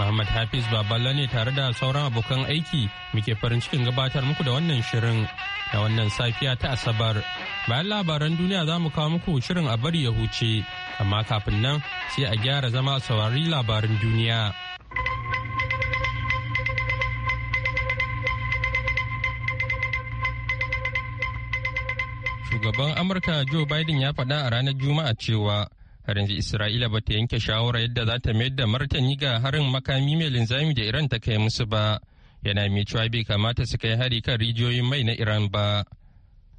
Muhammad Hafiz Baballa ne tare da sauran abokan aiki muke farin cikin gabatar muku da wannan shirin da wannan safiya ta Asabar. Bayan labaran duniya za mu kawo muku shirin a bari ya huce, amma kafin nan sai a gyara zama saurari labarin duniya. Shugaban Amurka Joe Biden ya faɗa a ranar Juma'a cewa har yanzu Isra'ila ba ta yanke shawara yadda za ta mayar da martani ga harin makami mai linzami da Iran ta kai musu ba, yana mai cewa bai kamata su kai hari kan rijiyoyin mai na Iran ba.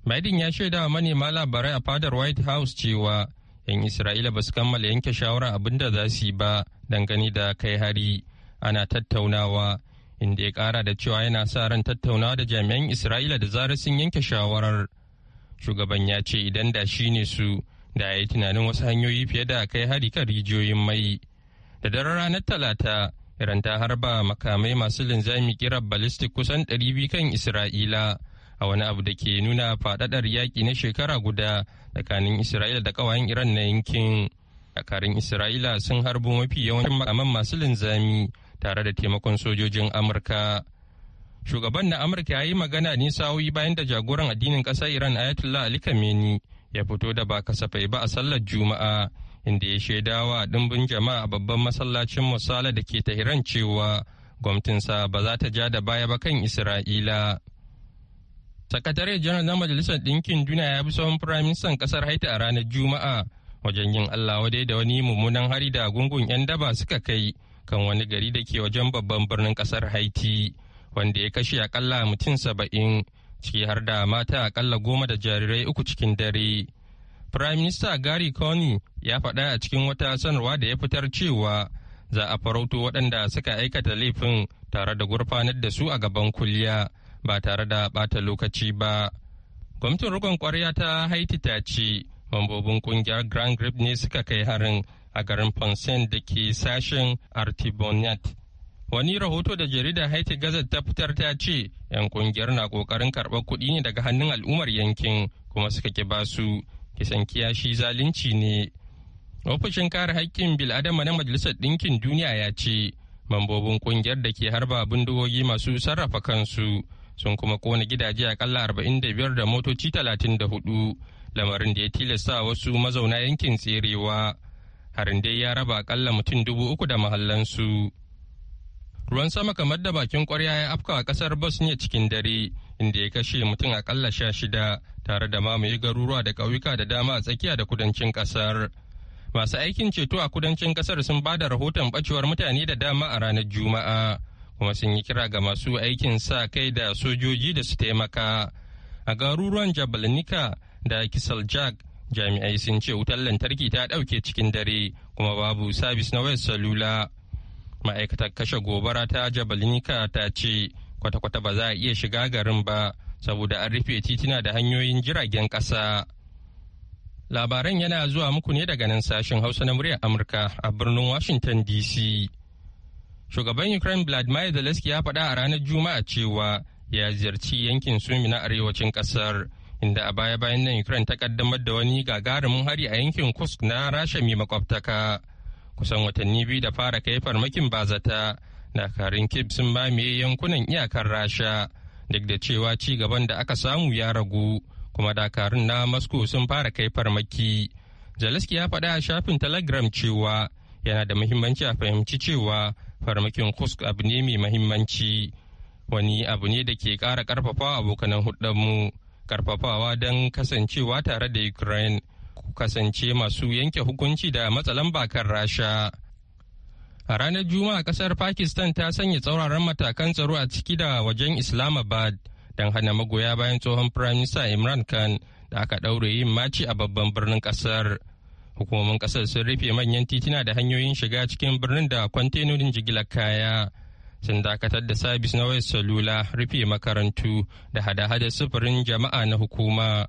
Biden ya shaida wa manema labarai a fadar White House cewa ‘yan Isra'ila ba su kammala yanke shawara abin da za su yi ba dangane da kai hari, ana tattaunawa, inda ya kara da cewa yana sa ran tattaunawa da jami'an Isra'ila da zarar sun yanke shawarar. Shugaban ya ce idan da shi ne su da ya yi tunanin wasu hanyoyi fiye da kai hari kan rijiyoyin mai da daren ranar talata iran ta harba makamai masu linzami kira ballistic kusan 200 kan isra'ila a wani abu da ke nuna faɗaɗar yaƙi na shekara guda tsakanin isra'ila da ƙawayen iran na yankin dakarun isra'ila sun harbo mafi yawancin makaman masu linzami tare da taimakon sojojin amurka shugaban na amurka ya yi magana ne sa'o'i bayan da jagoran addinin ƙasar iran ayatollah ali kameni ya fito da ba kasafai ba a sallar juma'a inda ya shaidawa dimbin jama'a a babban masallacin musala da ke tahiran cewa gwamnatinsa ba za ta ja da baya ba kan isra'ila sakatare janar na majalisar ɗinkin duniya ya bi sahun firaministan ƙasar haiti a ranar juma'a wajen yin allah wadai da wani mummunan hari da gungun 'yan daba suka kai kan wani gari da ke wajen babban birnin ƙasar haiti wanda ya kashe akalla mutum saba'in ciki har da mata akalla goma da jarirai uku cikin dare. Prime Minister Gary Coney ya faɗa a cikin wata sanarwa da ya fitar cewa za a farauto waɗanda suka aikata laifin tare da gurfanar da su a gaban kulliya ba tare da ɓata lokaci ba. Gwamnatin rikon kwarya ta Haiti ta ce mambobin kungiyar Grand Grip ne suka kai harin a garin Ponsen da ke sashen Artibonite Wani rahoto da jaridar Haiti Gazette ta fitar ta ce, ‘yan kungiyar na ƙoƙarin karɓar kuɗi ne daga hannun al'ummar yankin kuma suka ki basu, kisan kiyashi zalunci ne. Ofishin kare haƙƙin bil'adama na Majalisar Ɗinkin Duniya ya ce, mambobin kungiyar da ke harba bindigogi masu sarrafa kansu sun kuma kona gidaje akalla 45 da motoci 34 lamarin da ya tilasta wasu mazauna yankin tserewa harin dai ya raba akalla mutum dubu uku da mahallansu. ruwan sama kamar da bakin kwarya ya afka a kasar bosnia cikin dare inda ya kashe mutum akalla sha shida tare da mamaye garuruwa da ƙauyuka da dama a tsakiya da kudancin kasar masu aikin ceto a kudancin kasar sun ba da rahoton bacewar mutane da dama a ranar juma'a kuma sun yi kira ga masu aikin sa kai da sojoji da su taimaka a garuruwan jabalnika da kisaljak jami'ai sun ce wutar lantarki ta ɗauke cikin dare kuma babu sabis na wayar salula ma'aikatar kashe gobara ta jabalinka ta ce kwata-kwata ba za a iya shiga garin ba saboda an rufe titina da hanyoyin jiragen ƙasa. labaran yana zuwa muku ne daga nan sashen hausa na muryar amurka a birnin washington dc shugaban ukraine vladimir zelensky ya faɗa a ranar juma'a cewa ya ziyarci yankin sumi na arewacin ƙasar inda a baya-bayan nan ukraine ta ƙaddamar da wani gagarumin hari a yankin kusk na rasha mai makwabtaka kusan watanni biyu da fara kai farmakin bazata dakarun kib sun mamaye yankunan iyakar rasha duk da cewa ci gaban da aka samu ya ragu kuma dakarun na moscow sun fara kai farmaki zelensky ya faɗa a shafin telegram cewa yana da muhimmanci a fahimci cewa farmakin kusk abu ne mai muhimmanci wani abu ne da ke kara ƙarfafa abokanan mu karfafawa don kasancewa tare da ukraine kasance masu yanke hukunci da matsalan bakar rasha a ranar juma'a kasar pakistan ta sanya tsauraran matakan tsaro a ciki da wajen islamabad don hana magoya bayan tsohon firaminista imran khan da aka ɗaure yin maci a babban birnin kasar hukumomin kasar sun rufe manyan titina da hanyoyin shiga cikin birnin da kwantenonin jigilar kaya sun dakatar da sabis na wayar salula rufe makarantu da hada-hada sufurin jama'a na hukuma.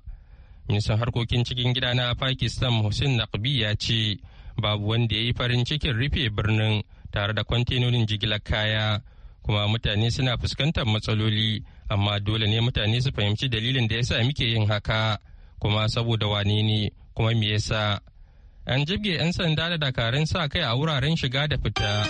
Ministan harkokin cikin gida na Pakistan Hussein Naqbi ya ce babu wanda ya yi farin cikin rufe birnin tare da kwantenonin jigilar kaya kuma mutane suna fuskantar matsaloli amma dole ne mutane su fahimci dalilin da ya sa muke yin haka kuma saboda wane ne kuma me yasa an jibge 'yan sanda da dakarun sa kai a wuraren shiga da fita.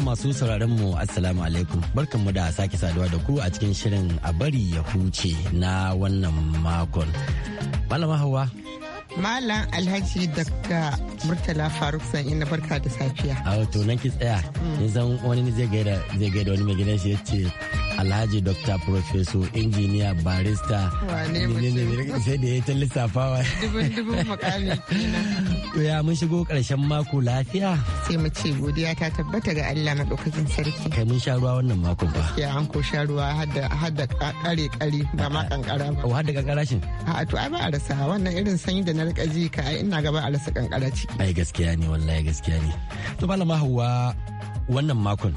masu sauraron mu Assalamu alaikum mu da sake saduwa da ku a cikin shirin a bari ya huce na wannan makon. Malama Hawa. Malam Alhaji daga Murtala Faruk Sanyi na barka da safiya. A to nan ki tsaya. Mm. zan wani zai gaida wani mai gidan shi ya ce alhaji dr professor injiniya barista Wane sai da ya ta lissafawa ya mun shigo karshen mako lafiya sai mu ce godiya ta tabbata ga allah ɗaukakin sarki kai mun sha ruwa wannan mako ba ya an ko sha ruwa har da kare kare ba ma kankara ba Wa oh, da kankara shin a to ai ba a rasa wannan irin sanyi da na rika ji ka ina gaba a rasa kankara ciki ai gaskiya ne wallahi gaskiya ne to malama Hauwa. wannan makon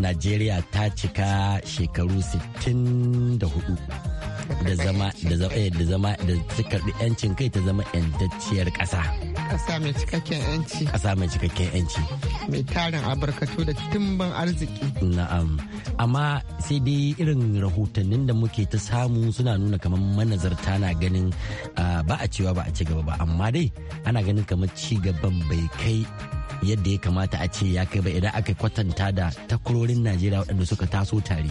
najeriya ta cika shekaru 64 da zama da zama eh, da zama da karbi yancin kai ta zama yantacciyar ƙasa. Ƙasa mai cikakken yanci. Ƙasa mai cikakken yanci. Mai tarin albarkatu da timban arziki. Na'am. Amma sai dai irin rahotannin da muke ta samu suna nuna kamar manazarta na ganin ah, ba a cewa ba a ci gaba ba amma dai ana ganin kamar ci gaban bai kai yadda ya kamata a ce ya kai ba idan aka kwatanta da takwarorin najeriya waɗanda suka taso tare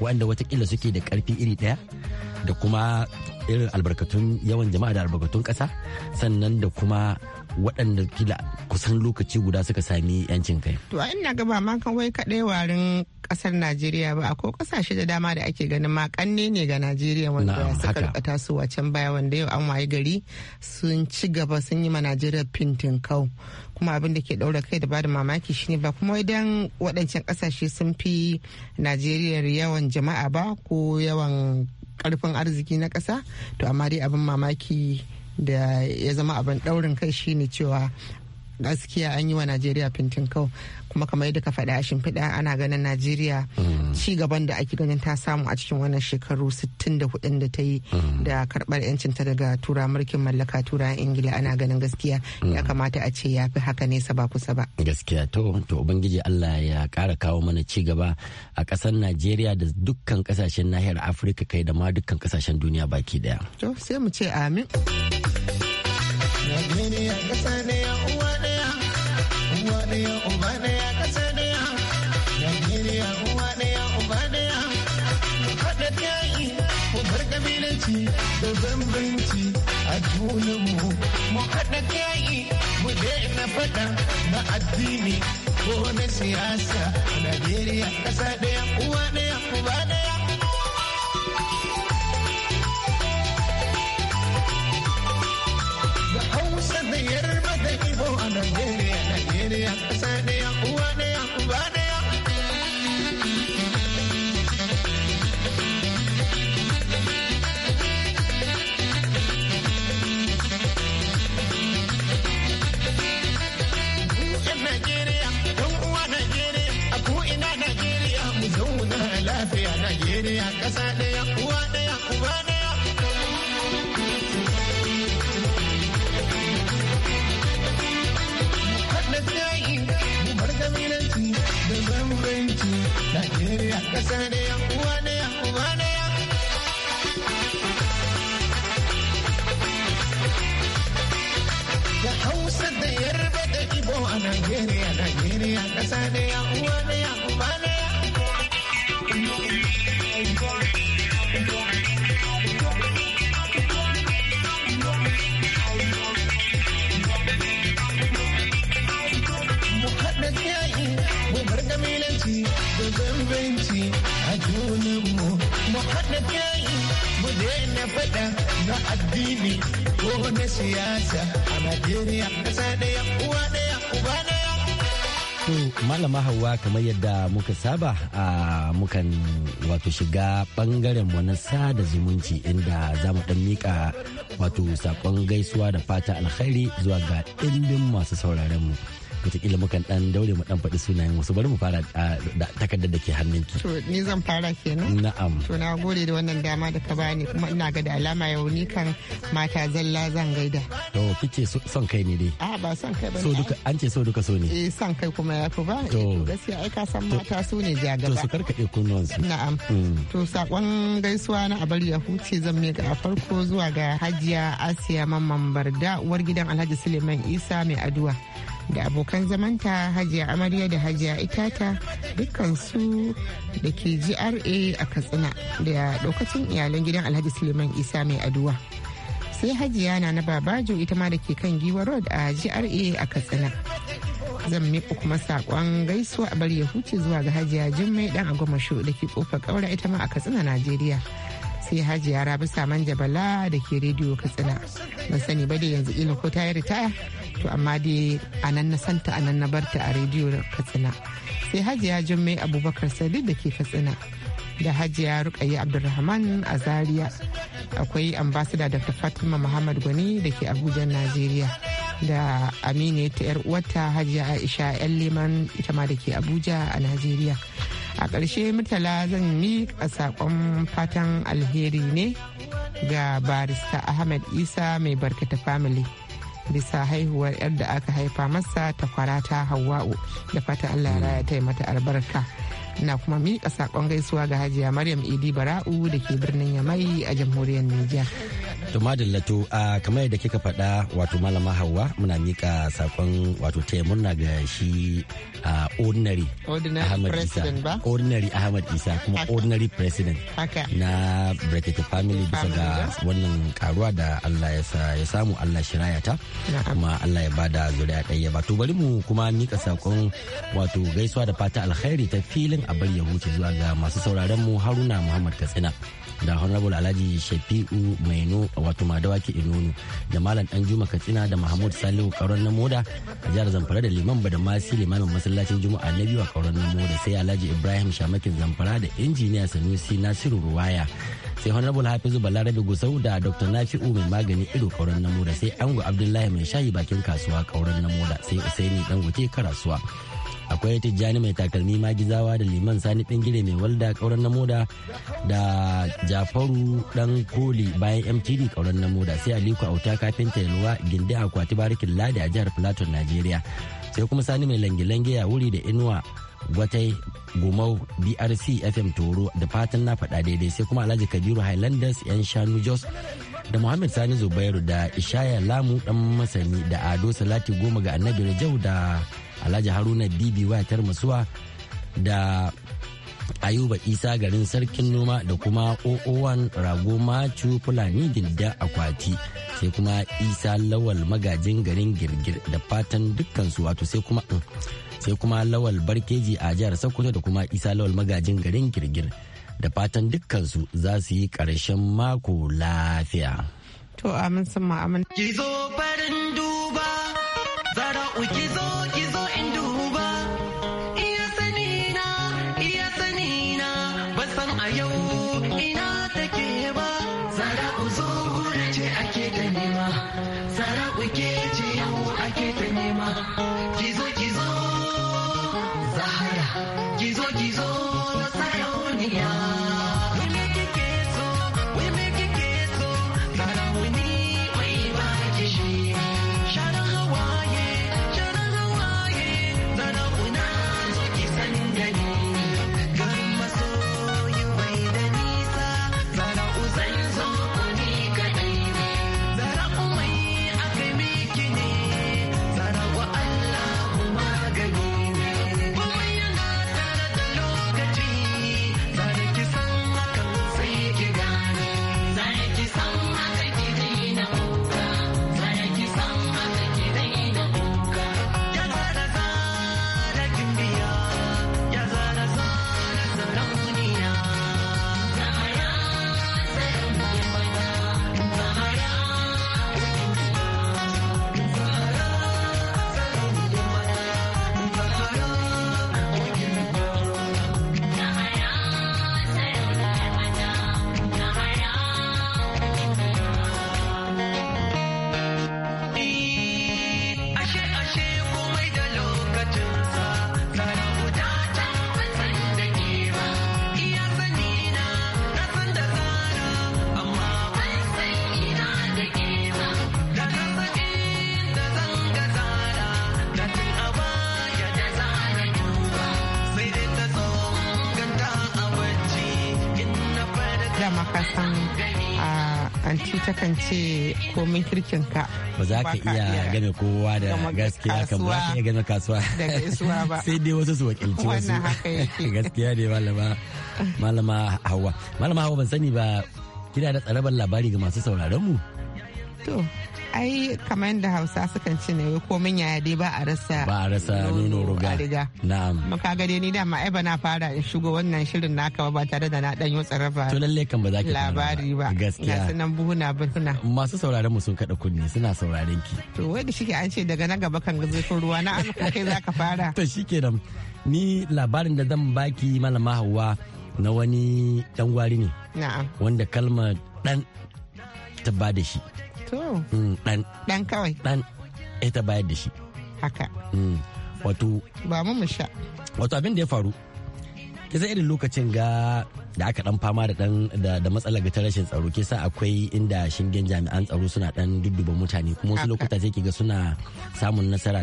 waɗanda watakila suke da ƙarfi iri ɗaya da kuma irin albarkatun yawan jama'a da albarkatun ƙasa sannan da kuma waɗanda kila kusan lokaci guda suka sami yancin kai. To a ina ga ba ma kan wai kaɗai warin ƙasar Najeriya ba akwai ƙasashe da dama da ake ganin ma ƙanne ne ga Najeriya wanda suka rika tasowa can baya wanda yau an waye gari sun ci gaba sun yi ma Najeriya fintin kau. kuma abin da ke ɗaura kai da bada mamaki shine ba kuma idan waɗancan ƙasashe sun fi Najeriya yawan jama'a ba ko yawan karfin arziki na ƙasa to amma dai abin mamaki da ya zama abin ɗaurin kai shine cewa gaskiya an yi wa najeriya fintin kau kuma kamar yadda ka faɗi a shimfiɗa ana ganin najeriya mm. ci gaban da ake ganin ta samu a cikin wannan shekaru 64 da da ta yi mm. da karɓar yancinta daga tura mulkin mallaka tura ingila ana ganin gaskiya mm. ya kamata a ce ya fi haka nesa ba kusa ba gaskiya to to ubangiji allah ya ƙara kawo mana ci gaba a ƙasar najeriya da dukkan ƙasashen nahiyar afirka kai da ma dukkan ƙasashen duniya baki ɗaya to sai mu ce amin Najeriya uba ɗaya ƙasa ɗaya. Najeriya uwa ɗaya uba ɗaya. Faɗa yayi mu bar kabilanci da bambanci a junanmu. Mu haɗa yayi mu daina faɗa na addini ko na siyasa. Najeriya ƙasa ɗaya uwa ɗaya uba ɗaya. ƙasa ɗaya uwa ɗaya uba da tsayi mu bar da Najeriya uwa uba Hausa da Yarba da Ibo a Najeriya Najeriya ƙasa ɗaya uwa ɗaya uba ɗaya junanmu mu haɗa mu daina faɗa na addini ko na siyasa a Najeriya ƙasa ɗaya uwa ɗaya uba ɗaya. To malama Hauwa kamar yadda muka saba a mukan wato shiga ɓangaren mu na sada zumunci inda za mu mika wato saƙon gaisuwa da fata alkhairi zuwa ga ɗimbin masu sauraron mu. wataƙila mukan dan daure mu dan faɗi sunayen wasu bari mu fara ah, da takardar da ke hannunki. To ni zan fara kenan. Na'am. To na gode da wannan dama da ka bani kuma ina ga da alama yau ni kan mata zalla zan gaida. To kike son kai ne dai. A ah, ba son kai ba. So duka an ce so duka so ne. Eh son kai kuma ya fi ba. To eh, gaskiya ai ka san mata su ne gaba. Hmm. To su kunnuwan su. Na'am. To sakon gaisuwa na abar ya huce zan mika a farko zuwa ga Hajiya Asiya Mamman Barda uwar gidan Alhaji Suleiman Isa mai aduwa. da abokan zamanta hajiya amarya da hajiya itata dukkansu da ke gra a katsina da lokacin iyalan gidan alhaji suleiman isa mai aduwa sai hajiya na na babajo ita ma da ke kan giwa road a gra a katsina zan miƙa kuma saƙon gaisuwa a bari ya huce zuwa ga hajiya jummai dan agomasho da ke kofar ƙaura ita ma a katsina najeriya sai hajiya rabi saman jabala da ke rediyo katsina ban sani ba da yanzu ila ko ta yi ritaya to amma dai a nan na santa a nan na barta a rediyo katsina sai hajiya jummai abubakar sadi da ke katsina da hajiya rukayi abdulrahman a Zariya akwai ambasada dr fatima muhammad gwani da ke abuja najeriya da aminu ta yar uwarta hajiya aisha yan leman ita ma da ke abuja a najeriya a ƙarshe mutala zan yi a saƙon fatan alheri ne ga barista ahmed isa mai barkata family bisa haihuwar 'yar da aka haifa masa ta kwarata hawa'u da fata allah ya raya mata albarka na kuma miƙa saƙon gaisuwa ga hajiya maryam idi bara'u da ke birnin yamai a jamhuriyar nijar to madallato a kamar yadda kika faɗa wato malama hawa muna miƙa saƙon wato taya murna ga shi a ordinary ahmad isa ordinary ahmad isa kuma ordinary president na brekete family bisa ga wannan karuwa da allah ya samu allah shiraya ta kuma allah ya bada zuriya ɗaya ba to bari mu kuma miƙa saƙon wato gaisuwa da fata alkhairi ta filin a bari ya huce zuwa ga masu sauraron mu haruna muhammad katsina da honorable alhaji shafi'u maino wato ke inonu da malam dan juma katsina da mahmud salihu kauran na moda a jihar zamfara da liman da masu limamin masallacin juma'a na biyu a kauran na moda sai alhaji ibrahim shamakin zamfara da injiniya sanusi nasiru ruwaya sai honorable hafizu balarabe gusau da dr nafi'u mai magani ido kauran na moda sai ango abdullahi mai shayi bakin kasuwa kauran na moda sai usaini dangote karasuwa akwai tijjani mai takalmi magizawa da liman sani bingire mai walda kauran na moda da jafaru dan koli bayan mtd kauran na moda sai aliko auta kafinta yalwa gindi akwati barikin ladi a jihar platon nigeria sai kuma sani mai langilange a wuri da inuwa gwatai gumau brc fm toro da fatan na faɗa daidai sai kuma alhaji kabiru highlanders yan shanu jos da Muhammad Sani Zubairu da Ishaya Lamu dan masani da Ado Salati goma ga Annabi Rajau da alhaji haruna bibi wayatar musuwa da ayuba isa garin sarkin noma da kuma oo1 rago Machu fulani dinda akwati sai kuma isa lawal magajin garin girgir da fatan dukkansu wato sai kuma sai kuma lawal barkeji a jihar sokoto da kuma isa lawal magajin garin girgir da fatan dukkansu za su yi ƙarshen mako lafiya to amin sun ma'amin ki zo farin duba zara uki ce komin kirkin ka ba za ka iya game kowa da gaskiya kan ba ka iya game kasuwa da isuwa ba sai dai wasu su wakilci wasu gaskiya ne malama malama hawa malama hawa ban sani ba kina da tsarabar labari ga masu sauraron mu to ai kamar da hausa sukan ci ne komai yaya dai ba a rasa ba a rasa nono ruga riga na'am maka ga dai ni da ma ai ba na fara in shigo wannan shirin naka ba tare da na dan yi tsarafa to lalle kan ba za ki labari ba gaskiya Na sanan buhuna buhuna masu sauraron mu sun kada kunni suna sauraren ki to wai da shike an ce daga na gaba kan zurfin ruwa na an kai zaka fara to shikenan ni labarin da zan baki malama Hauwa na wani dan gwari ne wanda kalmar dan ta ba da shi To. Dan. Mm, Dan kawai. Dan. Ita bayar da shi. Haka. Mm. Wato. Ba mu sha. Wato abin da ya faru. Kisa irin lokacin ga da aka dan fama da dan da matsalar ta rashin tsaro ke sa akwai inda shingen jami'an tsaro suna dan dudduba mutane kuma wasu lokuta sai kiga suna samun nasara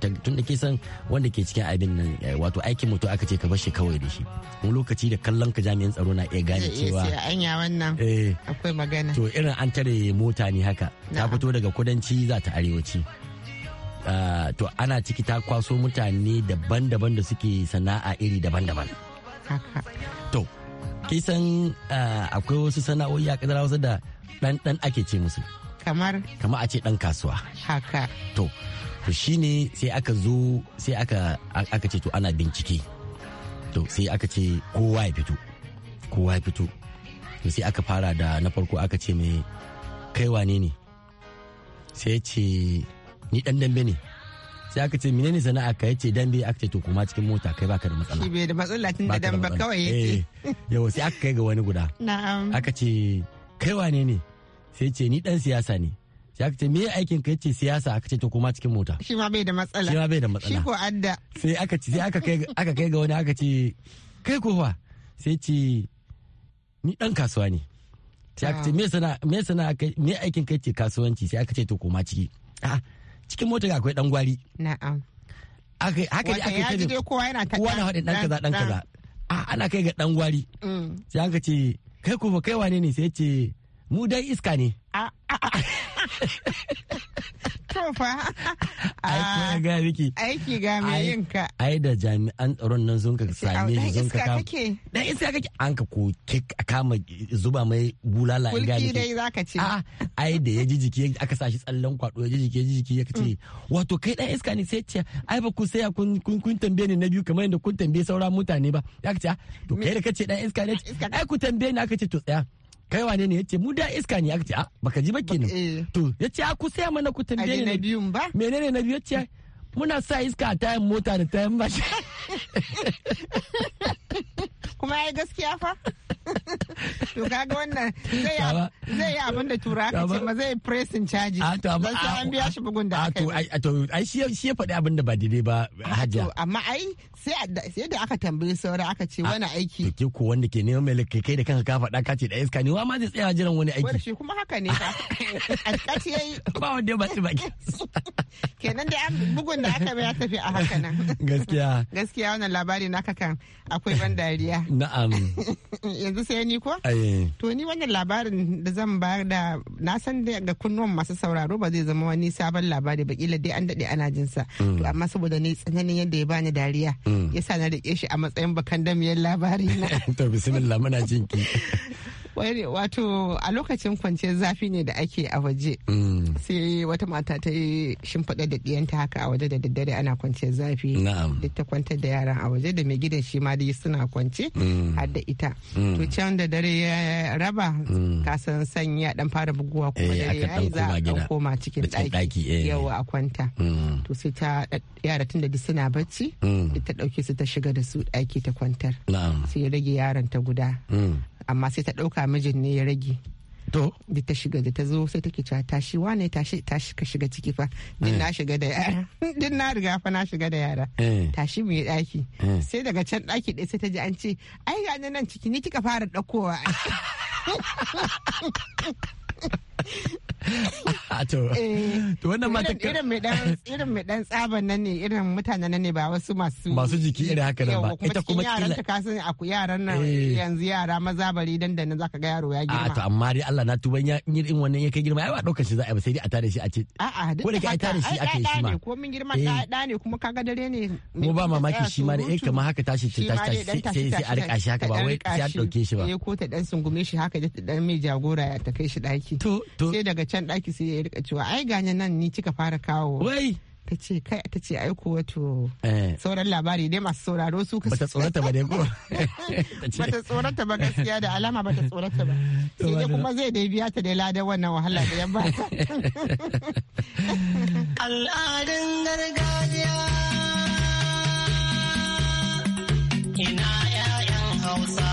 tun da ke san wanda ke cikin abin nan eh, wato aikin mutu aka ce ka bar shi kawai da shi mu lokaci da kallon ka jami'an tsaro na iya gane eh, eh, cewa anya wannan akwai magana to irin an tare mota ne haka ta fito daga kudanci za ta arewaci ah, to ana ciki ta kwaso mutane daban-daban da suke sana'a iri daban-daban to kisan eh, akwai wasu sana'o'i a ƙasar hausa da dan ake ce musu kamar kamar a ce dan kasuwa haka to to shine sai aka zo sai aka aka ce to ana bincike to sai aka ce kowa ya fito kowa ya fito to sai aka fara da na farko aka ce mai kai wane ne sai ce ni dan dambe ne sai aka ce menene sana'a ka yace dambe aka ce to kuma cikin mota kai baka da matsala shi bai da matsala tun da ba kawai yake eh, yawa sai aka kai ga wani guda na'am aka ce kai wane ne sai ce ni dan siyasa ne sai aka ce me aikin ka yace siyasa aka ce to kuma cikin mota shi ma bai da matsala shi ma bai da matsala shi ko adda sai aka ce sai aka kai aka kai ga wani aka ce kai ko fa sai ce ni dan kasuwa ne sai aka ce ah. me sana me sana me aikin ka yace kasuwanci sai aka ce to koma ciki ah, cikin mota motar akwai dan gwari na'am haka da aka kai kowa yana kowa na faɗin dan kaza dan kaza a ana kai ga dan gwari mm. sai aka ce kai ko kai wane ne sai ce mu dai iska ne tofa ai ah, ga miki aiki ga mai yin ka ai da jami'an tsaron nan sun ka same shi sun ka kama dan iska kake an ka ko kama zuba mai bulala ya ga miki dai ka ce ah, ai da ji jiki aka sa shi tsallan kwado ji jiki ji jiki ya ce mm. wato kai dan iska ne sai ce ai ba ku sai kun kun tambaye ni na biyu kamar yadda kun tambaye sauran mutane ba ya ce ah, to kai da kace dan iska ne ai ku tambaye ni aka ce to tsaya kai wane ne yace mu da iska ne aka a baka ji ba kenan eh. to yace a ku sai mana ku tambaye ne na ba menene na biyu yace muna sa iska a tayan mota da tayan mashi kuma ai gaskiya fa to kaga wannan zai yi abin da tura aka ce ma zai pressing charges ah, don sai ah, an biya ah, shi bugun da aka yi to ai shi ya faɗi abin da ba daidai ba hajja amma ai sai da aka tambayi saura aka ce wani aiki to ke ko wanda ke neman mai kai kai da kanka ka faɗa ka ce da iska ne wa ma zai tsaya jiran wani aiki shi kuma haka ne fa alƙaci yayi ba wanda ba ci baki kenan da bugun da aka ya tafi a haka nan gaskiya gaskiya wannan labari naka kan akwai ban dariya na'am yanzu sai ni ko? To ni wannan labarin da zan ba da na san da ga kunnuwan masu sauraro ba zai zama wani sabon labari ba kila dai an daɗe ana jin sa. To mm. amma saboda ni tsananin yadda ya bani dariya mm. yasa na rike shi a matsayin bakan damiyar labari na. To bismillah muna jinki. wato a lokacin kwanciyar zafi ne da ake a waje mm. sai wata mata ta yi shimfiɗa da ɗiyanta haka a waje da daddare ana kwanciyar zafi da ta kwantar da yaran a waje da mai gidan shi ma dai suna kwance mm. har da ita mm. to can da dare ya raba san sanyi ya dan fara buguwa kuma eh, dare ya yi za a koma cikin ɗaki eh. yawa a kwanta to sai ta yara tun da duk suna bacci ta ɗauke su ta shiga da su ɗaki ta kwantar sai ya rage yaran ta guda amma sai ta ɗauka mijin ne ya rage to da ta shiga da ta zo sai take cewa tashi wane tashi tashi ka shiga ciki fa din na eh. shiga da yara din na riga fa na shiga da yara eh. tashi mu yi daki eh. sai daga can daki ɗaya sai ta ji an ce ai ga nan ciki ni kika fara ɗaukowa Ah, eh, to wannan mata irin mai dan irin mai dan tsaban nan ne irin mutanen nan ne ba wasu masu masu jiki irin haka nan ba ita kuma yaran ta ka sani aku yaran nan eh. yanzu yara maza bari dan dan zaka ga yaro ya ah, girma a to amma dai Allah na tuban ya irin wannan ya kai girma ai ba daukar shi za a yi ba sai dai a tare shi a ce a'a ko da ka a tare shi ake shi ma ko min girma da eh. ne kuma kaga dare ne mu ba mamaki shi ma dai kamar haka tashi tashi sai sai a rika shi haka ba wai sai a dauke shi ba ko ta dan sungume shi haka da dan mai jagora ya ta kai shi daki to sai daga can ɗaki sai ya rika cewa ai ganya nan ni kika fara kawo. Wai. ta ce kai ta ce ko wato eh. sauran labari dai masu sauraro su ka bata tsorata ba dai ko bata tsorata ba gaskiya da alama bata tsorata ba sai dai kuma zai dai biya ta da lada wannan wahala da yamma. al'adun gargajiya ina 'ya'yan hausa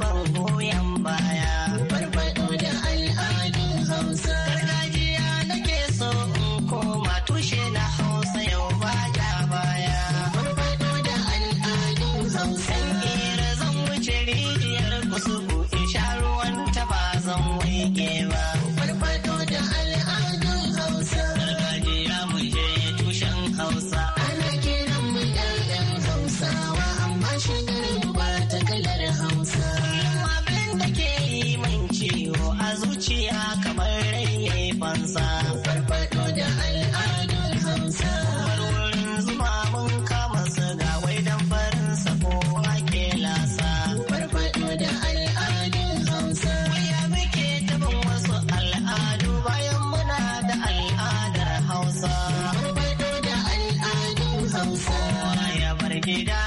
babu hausawa ya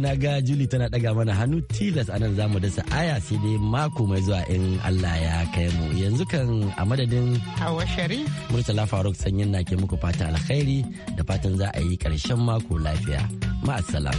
na ga juli tana daga mana hannu tilas anan za mu dasa aya sai dai mako mai zuwa in Allah ya kai mu yanzu kan a madadin Hawa Sharif Murtala Faruk sanyin na ke muku fata alkhairi da fatan za a yi karshen mako lafiya ma'assalam.